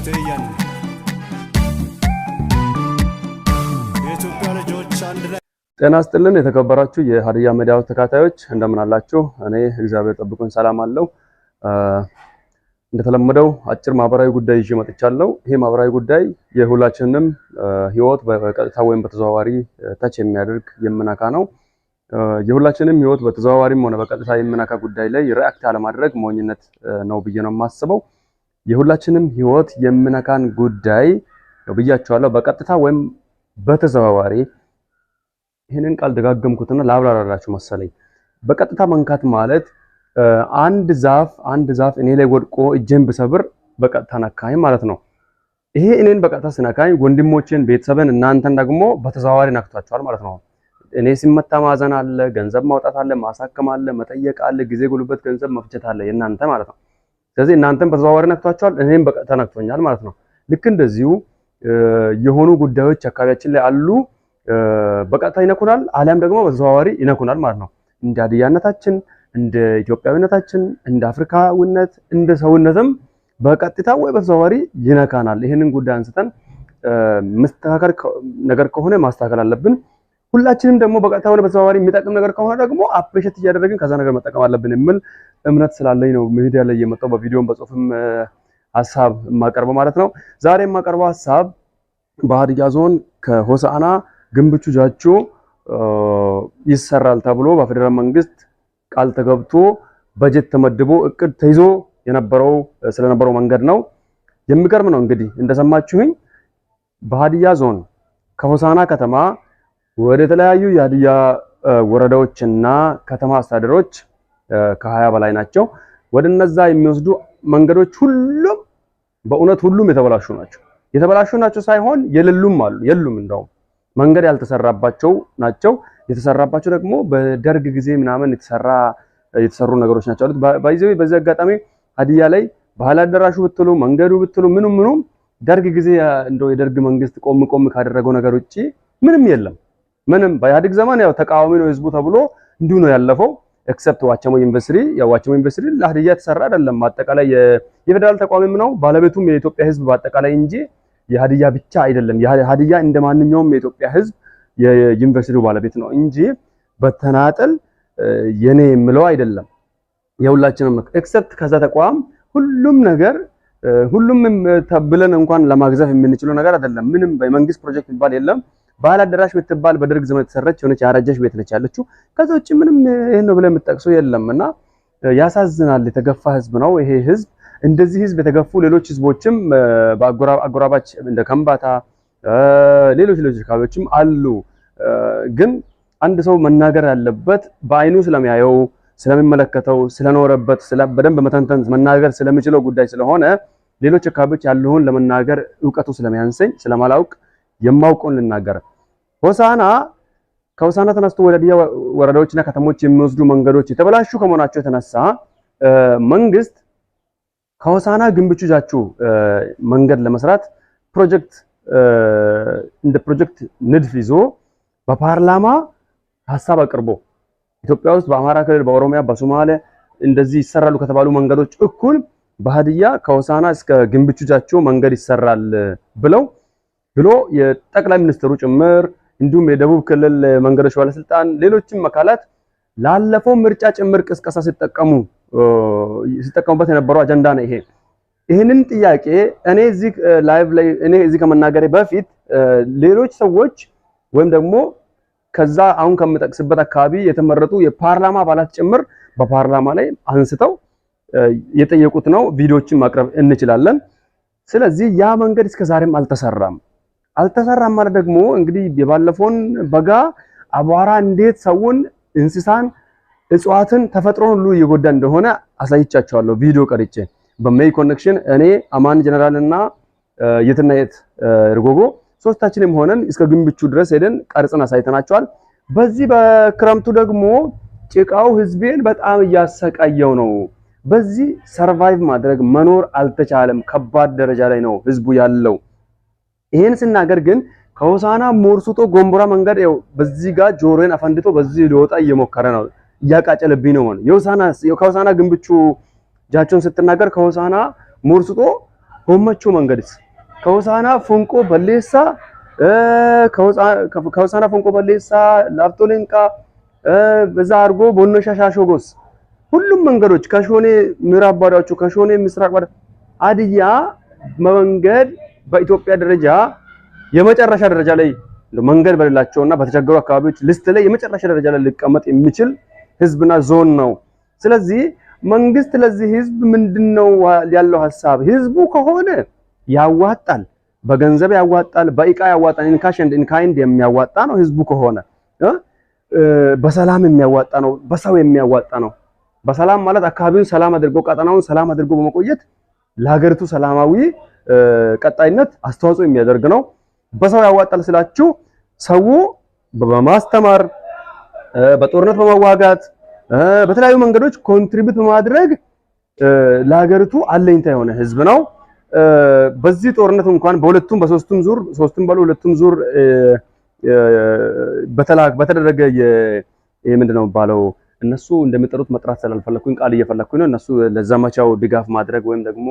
ሞቴ የኢትዮጵያ ልጆች አንድ ላይ ጤና ስጥልን። የተከበራችሁ የሀዲያ ሚዲያ ተከታታዮች እንደምን አላችሁ? እኔ እግዚአብሔር ጠብቁኝ ሰላም አለው። እንደተለመደው አጭር ማህበራዊ ጉዳይ ይዤ መጥቻለሁ። ይህ ማህበራዊ ጉዳይ የሁላችንም ህይወት በቀጥታ ወይም በተዘዋዋሪ ተች የሚያደርግ የምናካ ነው። የሁላችንም ህይወት በተዘዋዋሪም ሆነ በቀጥታ የሚነካ ጉዳይ ላይ ሪአክት አለማድረግ ሞኝነት ነው ብዬ ነው የማስበው። የሁላችንም ህይወት የምነካን ጉዳይ ብያችኋለሁ። በቀጥታ ወይም በተዘዋዋሪ ይህንን ቃል ደጋገምኩትና ላብራራላችሁ መሰለኝ። በቀጥታ መንካት ማለት አንድ ዛፍ አንድ ዛፍ እኔ ላይ ወድቆ እጄን ብሰብር በቀጥታ ነካኝ ማለት ነው። ይሄ እኔን በቀጥታ ስነካኝ ወንድሞችን፣ ቤተሰብን፣ እናንተን ደግሞ በተዘዋዋሪ ነክቷቸዋል ማለት ነው። እኔ ሲመታ ማዘን አለ፣ ገንዘብ ማውጣት አለ፣ ማሳከም አለ፣ መጠየቅ አለ፣ ጊዜ፣ ጉልበት፣ ገንዘብ መፍጀት አለ የእናንተ ማለት ነው። ስለዚህ እናንተም በተዘዋዋሪ ነክቷቸዋል፣ እኔም ነክቶኛል ማለት ነው። ልክ እንደዚሁ የሆኑ ጉዳዮች አካባቢያችን ላይ አሉ። በቀጥታ ይነኩናል፣ አሊያም ደግሞ በተዘዋዋሪ ይነኩናል ማለት ነው። እንደ አድያነታችን፣ እንደ ኢትዮጵያዊነታችን፣ እንደ አፍሪካዊነት፣ እንደ ሰውነትም በቀጥታ ወይ በተዘዋዋሪ ይነካናል። ይህንን ጉዳይ አንስተን መስተካከል ነገር ከሆነ ማስተካከል አለብን። ሁላችንም ደግሞ በቀጥታ ሆነ በተዘዋዋሪ የሚጠቅም ነገር ከሆነ ደግሞ አፕሬሽት እያደረግን ከዛ ነገር መጠቀም አለብን የሚል እምነት ስላለኝ ነው ሚዲያ ላይ የመጣው በቪዲዮም በጽሁፍም ሀሳብ የማቀርበው ማለት ነው። ዛሬ የማቀርበው ሀሳብ በሀዲያ ዞን ከሆሳና ግንብቹ ጃቹ ይሰራል ተብሎ በፌዴራል መንግስት ቃል ተገብቶ በጀት ተመድቦ እቅድ ተይዞ የነበረው ስለነበረው መንገድ ነው። የሚገርም ነው እንግዲህ እንደሰማችሁኝ በሀዲያ ዞን ከሆሳና ከተማ ወደ ተለያዩ የሀዲያ ወረዳዎችና ከተማ አስተዳደሮች ከሀያ በላይ ናቸው። ወደ እነዛ የሚወስዱ መንገዶች ሁሉም በእውነት ሁሉም የተበላሹ ናቸው። የተበላሹ ናቸው ሳይሆን የሌሉም አሉ የሉም፣ እንደውም መንገድ ያልተሰራባቸው ናቸው። የተሰራባቸው ደግሞ በደርግ ጊዜ ምናምን የተሰራ የተሰሩ ነገሮች ናቸው አሉት። ባይዘው በዚህ አጋጣሚ ሀዲያ ላይ ባህል አዳራሹ ብትሉ መንገዱ ብትሉ ምኑም ምኑም ደርግ ጊዜ እንደው የደርግ መንግስት ቆም ቆም ካደረገው ነገር ውጭ ምንም የለም። ምንም በኢህአዴግ ዘመን ያው ተቃዋሚ ነው ህዝቡ ተብሎ እንዲሁ ነው ያለፈው። ኤክሰፕት ዋቸሞ ዩኒቨርሲቲ ያው ዋቸሞ ዩኒቨርሲቲ ለሀዲያ የተሰራ አይደለም። አጠቃላይ የፌዴራል ተቋሚም ነው ባለቤቱም የኢትዮጵያ ህዝብ በአጠቃላይ እንጂ የሀዲያ ብቻ አይደለም። ሀዲያ እንደ ማንኛውም የኢትዮጵያ ህዝብ የዩኒቨርሲቲው ባለቤት ነው እንጂ በተናጠል የኔ የምለው አይደለም። የሁላችንም ኤክሰፕት ከዛ ተቋም ሁሉም ነገር ሁሉም ተብለን እንኳን ለማግዘፍ የምንችለው ነገር አይደለም። ምንም በመንግስት ፕሮጀክት የሚባል የለም። ባህል አዳራሽ ብትባል በደርግ ዘመን የተሰረች የሆነች ያረጀች ቤት ነች ያለችው። ከዛ ውጭ ምንም ይሄን ነው ብለህ የምትጠቅሰው የለም እና ያሳዝናል። የተገፋ ህዝብ ነው ይሄ ህዝብ። እንደዚህ ህዝብ የተገፉ ሌሎች ህዝቦችም በአጎራባች እንደ ከምባታ፣ ሌሎች ሌሎች አካባቢዎችም አሉ። ግን አንድ ሰው መናገር ያለበት በአይኑ ስለሚያየው ስለሚመለከተው ስለኖረበት በደንብ መተንተን መናገር ስለሚችለው ጉዳይ ስለሆነ ሌሎች አካባቢዎች ያለውን ለመናገር እውቀቱ ስለሚያንሰኝ ስለማላውቅ የማውቀውን ልናገር። ሆሳና ከሆሳና ተነስቶ ወደ ሀዲያ ወረዳዎችና ከተሞች የሚወስዱ መንገዶች የተበላሹ ከመሆናቸው የተነሳ መንግስት ከሆሳና ግንብቹ ጃችሁ መንገድ ለመስራት ፕሮጀክት እንደ ፕሮጀክት ንድፍ ይዞ በፓርላማ ሀሳብ አቅርቦ ኢትዮጵያ ውስጥ በአማራ ክልል፣ በኦሮሚያ፣ በሶማሌ እንደዚህ ይሰራሉ ከተባሉ መንገዶች እኩል በሀዲያ ከሆሳና እስከ ግንብቹ ጃችሁ መንገድ ይሰራል ብለው ብሎ የጠቅላይ ሚኒስትሩ ጭምር እንዲሁም የደቡብ ክልል መንገዶች ባለስልጣን ሌሎችም አካላት ላለፈው ምርጫ ጭምር ቅስቀሳ ሲጠቀሙ ሲጠቀሙበት የነበረው አጀንዳ ነው ይሄ። ይህንን ጥያቄ እኔ እዚህ ላይቭ ላይ እኔ እዚህ ከመናገሬ በፊት ሌሎች ሰዎች ወይም ደግሞ ከዛ አሁን ከምጠቅስበት አካባቢ የተመረጡ የፓርላማ አባላት ጭምር በፓርላማ ላይ አንስተው የጠየቁት ነው። ቪዲዮዎችን ማቅረብ እንችላለን። ስለዚህ ያ መንገድ እስከ ዛሬም አልተሰራም። አልተሰራም ማለት ደግሞ እንግዲህ የባለፈውን በጋ አቧራ እንዴት ሰውን፣ እንስሳን፣ እጽዋትን፣ ተፈጥሮን ሁሉ እየጎዳ እንደሆነ አሳይቻቸዋለሁ ቪዲዮ ቀርጬ በሜይ ኮኔክሽን እኔ አማን ጀነራልና የትና የት እርጎጎ ሶስታችንም ሆነን እስከ ግንብቹ ድረስ ሄደን ቀርጽን አሳይተናቸዋል። በዚህ በክረምቱ ደግሞ ጭቃው ህዝቤን በጣም እያሰቃየው ነው። በዚህ ሰርቫይቭ ማድረግ መኖር አልተቻለም። ከባድ ደረጃ ላይ ነው ህዝቡ ያለው። ይሄን ስናገር ግን ከሆሳና ሞርሱጦ ጎንቦራ መንገድ ያው በዚህ ጋር ጆሮን አፈንድቶ በዚህ ሊወጣ እየሞከረ ነው፣ እያቃጨለብኝ ነው ማለት የሆሳና ከሆሳና ግንብቹ ጃቾን ስትናገር ከሆሳና ሞርሱጦ ሆመቹ መንገድስ ከሆሳና ፎንቆ በሌሳ ከሆሳና ፎንቆ በሌሳ ላፍቶ ሌንቃ በዛ አርጎ ቦኖሻ ሻሾጎስ ሁሉም መንገዶች ከሾኔ ምዕራብ ባዳዎቹ ከሾኔ ምስራቅ ባዳ አድያ መንገድ በኢትዮጵያ ደረጃ የመጨረሻ ደረጃ ላይ መንገድ በሌላቸውና በተቸገሩ አካባቢዎች ልስት ላይ የመጨረሻ ደረጃ ላይ ሊቀመጥ የሚችል ህዝብና ዞን ነው። ስለዚህ መንግስት ለዚህ ህዝብ ምንድነው ያለው ሀሳብ? ህዝቡ ከሆነ ያዋጣል፣ በገንዘብ ያዋጣል፣ በእቃ ያዋጣል። ኢንካሽ ኤንድ ኢንካይንድ የሚያዋጣ ነው ህዝቡ ከሆነ በሰላም የሚያዋጣ ነው፣ በሰው የሚያዋጣ ነው። በሰላም ማለት አካባቢውን ሰላም አድርጎ ቀጠናውን ሰላም አድርጎ በመቆየት ለሀገሪቱ ሰላማዊ ቀጣይነት አስተዋጽኦ የሚያደርግ ነው። በሰው ያዋጣል ስላችሁ ሰው በማስተማር በጦርነት በመዋጋት በተለያዩ መንገዶች ኮንትሪቢዩት በማድረግ ለሀገሪቱ አለኝታ የሆነ ህዝብ ነው። በዚህ ጦርነት እንኳን በሁለቱም በሶስቱም ዙር ሶስቱም ባሉ ሁለቱም ዙር በተላክ በተደረገ የምንድን ነው የሚባለው እነሱ እንደሚጠሩት መጥራት ስላልፈለኩኝ ቃል እየፈለኩኝ ነው። እነሱ ለዘመቻው ድጋፍ ማድረግ ወይም ደግሞ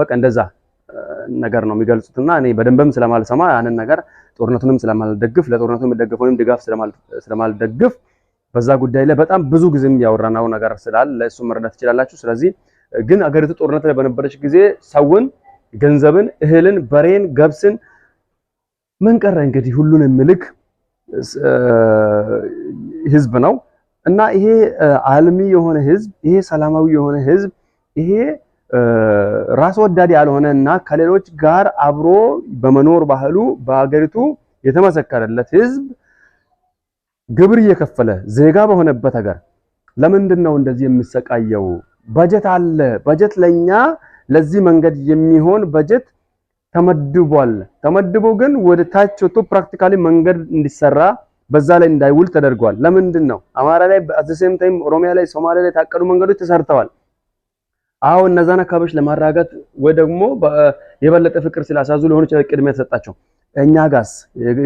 በቃ እንደዛ ነገር ነው የሚገልጹት እና እኔ በደንብም ስለማልሰማ ያንን ነገር ጦርነቱንም ስለማልደግፍ ለጦርነቱ ወይም ድጋፍ ስለማልደግፍ በዛ ጉዳይ ላይ በጣም ብዙ ጊዜም ያወራናው ነገር ስላል ለሱ መረዳት ትችላላችሁ። ስለዚህ ግን አገሪቱ ጦርነት ላይ በነበረች ጊዜ ሰውን፣ ገንዘብን፣ እህልን፣ በሬን፣ ገብስን ምን ቀረ እንግዲህ ሁሉን የሚልክ ህዝብ ነው እና ይሄ አልሚ የሆነ ህዝብ ይሄ ሰላማዊ የሆነ ህዝብ ይሄ ራስ ወዳድ ያልሆነ እና ከሌሎች ጋር አብሮ በመኖር ባህሉ በሀገሪቱ የተመሰከረለት ህዝብ ግብር እየከፈለ ዜጋ በሆነበት ሀገር ለምንድን ነው እንደዚህ የሚሰቃየው? በጀት አለ። በጀት ለኛ ለዚህ መንገድ የሚሆን በጀት ተመድቧል። ተመድቦ ግን ወደ ታች ወጥቶ ፕራክቲካሊ መንገድ እንዲሰራ በዛ ላይ እንዳይውል ተደርጓል። ለምንድን ነው አማራ ላይ በአዘሰም ታይም ኦሮሚያ ላይ ሶማሊያ ላይ የታቀዱ መንገዶች ተሰርተዋል። አዎ እነዛን አካባቢዎች ለማረጋጋት ወይ ደግሞ የበለጠ ፍቅር ስላሳዙ ሊሆኑ ይችላል ቅድሚያ ተሰጣቸው። እኛ ጋስ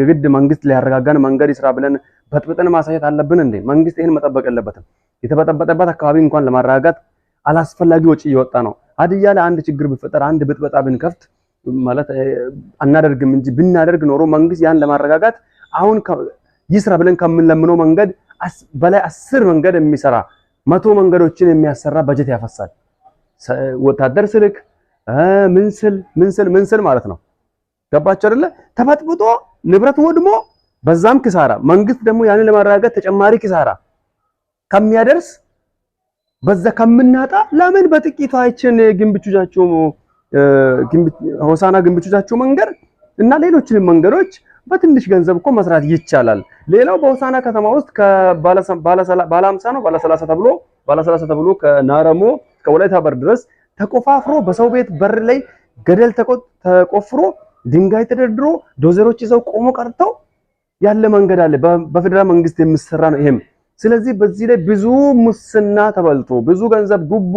የግድ መንግስት ሊያረጋጋን መንገድ ይስራ ብለን በጥብጥን ማሳየት አለብን እንዴ? መንግስት ይህን መጠበቅ የለበትም። የተበጠበጠበት አካባቢ እንኳን ለማረጋጋት አላስፈላጊ ወጪ እየወጣ ነው። ሀዲያ ላይ አንድ ችግር ቢፈጠር አንድ ብጥበጣ ብንከፍት ማለት አናደርግም እንጂ ብናደርግ ኖሮ መንግስት ያን ለማረጋጋት አሁን ይስራ ብለን ከምንለምነው መንገድ በላይ አስር መንገድ የሚሰራ መቶ መንገዶችን የሚያሰራ በጀት ያፈሳል። ወታደር ስልክ ምንስል ምንስል ምንስል ማለት ነው። ገባችሁ አይደለ? ተፈጥብጦ ንብረት ወድሞ በዛም ኪሳራ፣ መንግስት ደግሞ ያንን ለማረጋጋት ተጨማሪ ኪሳራ ከሚያደርስ በዛ ከምናጣ ለምን በጥቂቷ አይችን ግንብቹጃችሁ ሆሳና ግንብቹጃችሁ መንገድ እና ሌሎችንም መንገዶች በትንሽ ገንዘብ እኮ መስራት ይቻላል። ሌላው በሆሳና ከተማ ውስጥ ከባለ 50 ነው ባለ 30 ተብሎ ባለ 30 ተብሎ ከናረሞ እስከ ወላይታ በር ድረስ ተቆፋፍሮ በሰው ቤት በር ላይ ገደል ተቆፍሮ ድንጋይ ተደርድሮ ዶዘሮች ይዘው ቆሞ ቀርተው ያለ መንገድ አለ። በፌደራል መንግስት የሚሰራ ነው ይሄም። ስለዚህ በዚህ ላይ ብዙ ሙስና ተበልቶ ብዙ ገንዘብ ጉቦ፣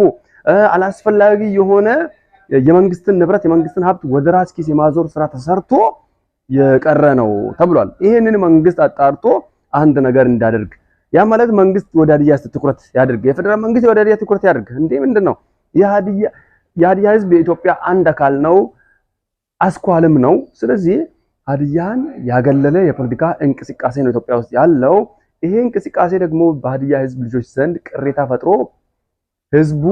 አላስፈላጊ የሆነ የመንግስትን ንብረት የመንግስትን ሀብት ወደ ራስ ኪስ የማዞር ስራ ተሰርቶ የቀረ ነው ተብሏል። ይሄንን መንግስት አጣርቶ አንድ ነገር እንዳደርግ ያ ማለት መንግስት ወደ ሀዲያ ትኩረት ያድርግ፣ የፌደራል መንግስት ወደ ሀዲያ ትኩረት ያድርግ። እንዴ ምንድን ነው የሀዲያ ህዝብ የኢትዮጵያ አንድ አካል ነው፣ አስኳልም ነው። ስለዚህ ሀዲያን ያገለለ የፖለቲካ እንቅስቃሴ ነው ኢትዮጵያ ውስጥ ያለው። ይሄ እንቅስቃሴ ደግሞ በሀዲያ ህዝብ ልጆች ዘንድ ቅሬታ ፈጥሮ ህዝቡ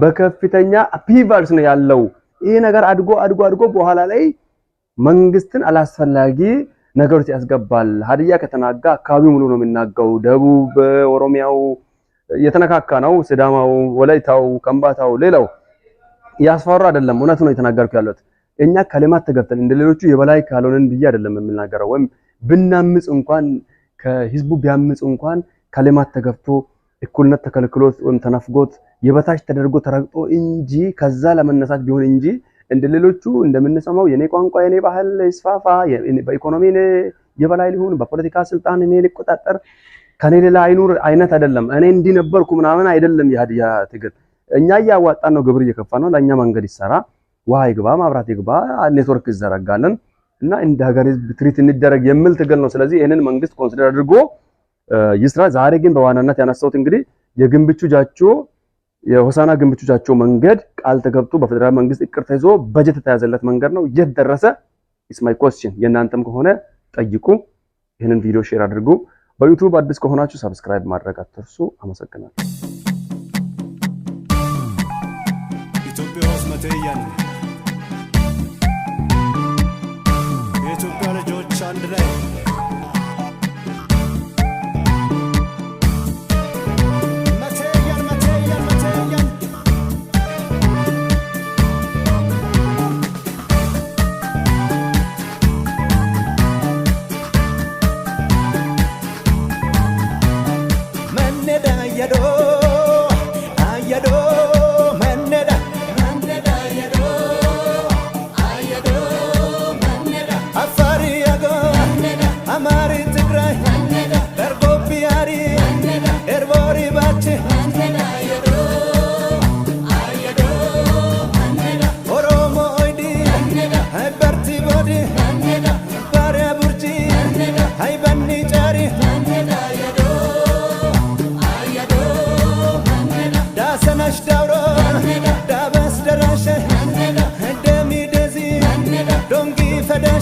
በከፍተኛ አፒቫልስ ነው ያለው። ይሄ ነገር አድጎ አድጎ አድጎ በኋላ ላይ መንግስትን አላስፈላጊ ነገሮች ያስገባል። ሀዲያ ከተናጋ አካባቢው ሙሉ ነው የሚናጋው። ደቡብ ኦሮሚያው የተነካካ ነው። ስዳማው ወላይታው፣ ከምባታው፣ ሌላው ያስፈራ አይደለም። እውነት ነው የተናገርኩ ያሉት እኛ ከልማት ተገብተን እንደሌሎቹ የበላይ ካልሆነን ብዬ አይደለም የምናገረው። ወይም ብናምጽ እንኳን ከህዝቡ ቢያምጽ እንኳን ከልማት ተገብቶ እኩልነት ተከልክሎት ወይም ተነፍጎት የበታች ተደርጎ ተረግጦ እንጂ ከዛ ለመነሳት ቢሆን እንጂ እንደ ሌሎቹ እንደምንሰማው የኔ ቋንቋ የኔ ባህል ይስፋፋ፣ በኢኮኖሚ የበላይ ሊሆን፣ በፖለቲካ ስልጣን እኔ ሊቆጣጠር፣ ከኔ ሌላ አይኑር አይነት አይደለም። እኔ እንዲህ ነበርኩ ምናምን አይደለም። የሀዲያ ትግል እኛ እያዋጣን ነው፣ ግብር እየከፋ ነው፣ ለእኛ መንገድ ይሰራ፣ ውሃ ይግባ፣ ማብራት ይግባ፣ ኔትወርክ ይዘረጋለን እና እንደ ሀገር ህዝብ ትሪት እንደረግ የሚል ትግል ነው። ስለዚህ ይህንን መንግስት ኮንሲደር አድርጎ ይስራ። ዛሬ ግን በዋናነት ያነሳሁት እንግዲህ የግንብቹ ጃቾ የሆሳና ግምቾቻቸው መንገድ ቃል ተገብቶ በፌደራል መንግስት እቅድ ተይዞ በጀት የተያዘለት መንገድ ነው። የት ደረሰ? ኢስ ማይ ኮስችን። የእናንተም ከሆነ ጠይቁ። ይህንን ቪዲዮ ሼር አድርጉ። በዩቱብ አዲስ ከሆናችሁ ሰብስክራይብ ማድረግ አትርሱ። አመሰግናለሁ። ኢትዮጵያ ልጆች አንድ ላይ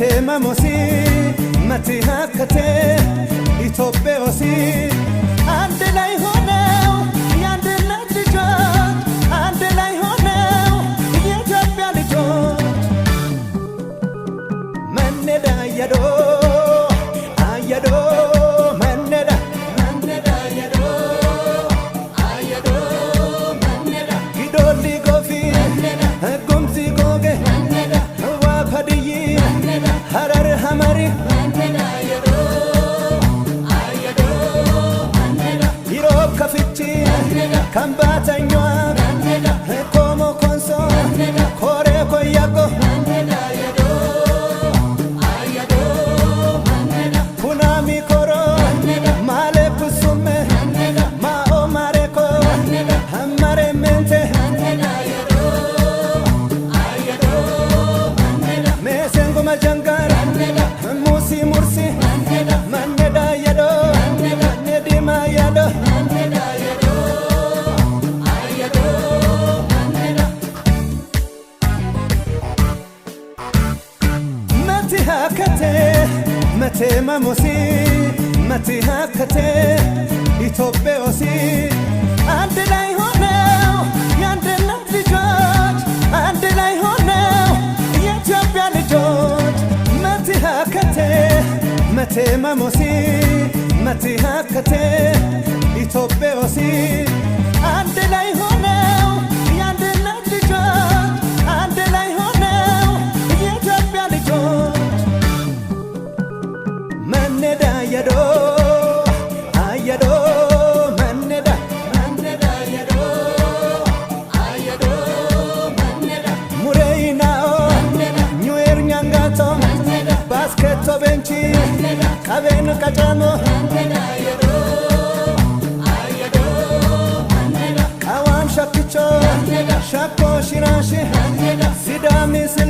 Teema mosii mati hakkate Itoophee osii. ከአምባተኛዋ hakate mate mamosi mate hakate ኢትዮጵያሲ አንድ ላይ ሆነው የአንድነት ልጆች አንድ ላይ ሆነው የኢትዮጵያ ልጆች መቲ ሀከቴ መቴ መሞሲ መቲ ሀከቴ ኢትዮጵያሲ አንድ ላይ me